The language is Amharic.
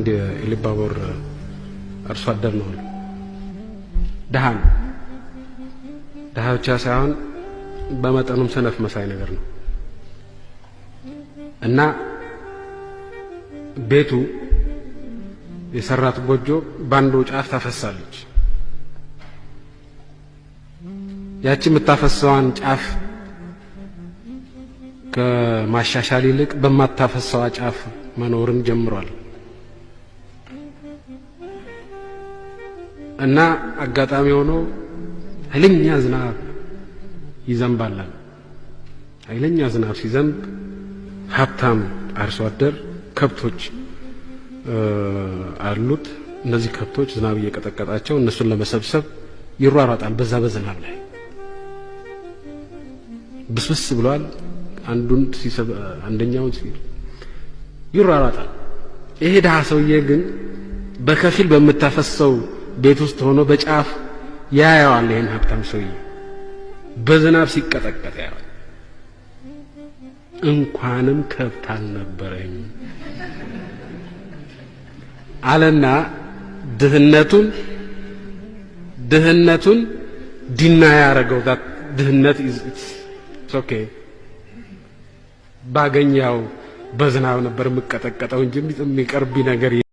አንድ የሊባቦር አርሶ አደር ነው። ድሃ ነው። ድሃ ብቻ ሳይሆን በመጠኑም ሰነፍ መሳይ ነገር ነው እና ቤቱ የሰራት ጎጆ በአንዱ ጫፍ ታፈሳለች። ያቺ የምታፈሰዋን ጫፍ ከማሻሻል ይልቅ በማታፈሰዋ ጫፍ መኖርን ጀምሯል። እና አጋጣሚ ሆኖ ኃይለኛ ዝናብ ይዘንባላል። ኃይለኛ ዝናብ ሲዘንብ ሀብታም አርሶ አደር ከብቶች አሉት። እነዚህ ከብቶች ዝናብ እየቀጠቀጣቸው እነሱን ለመሰብሰብ ይሯሯጣል። በዛ በዝናብ ላይ ብስብስ ብሏል። አንዱን አንደኛውን ሲል ይሯሯጣል። ይሄ ድሀ ሰውዬ ግን በከፊል በምታፈሰው ቤት ውስጥ ሆኖ በጫፍ ያያዋል። ይህን ሀብታም ሰውዬ በዝናብ ሲቀጠቀጥ ያዋል። እንኳንም ከብት አልነበረኝ አለና ድህነቱን ድህነቱን ዲና ያደረገው ድህነት ኦኬ ባገኛው በዝናብ ነበር የምቀጠቀጠው እንጂ የሚቀርቢ ነገር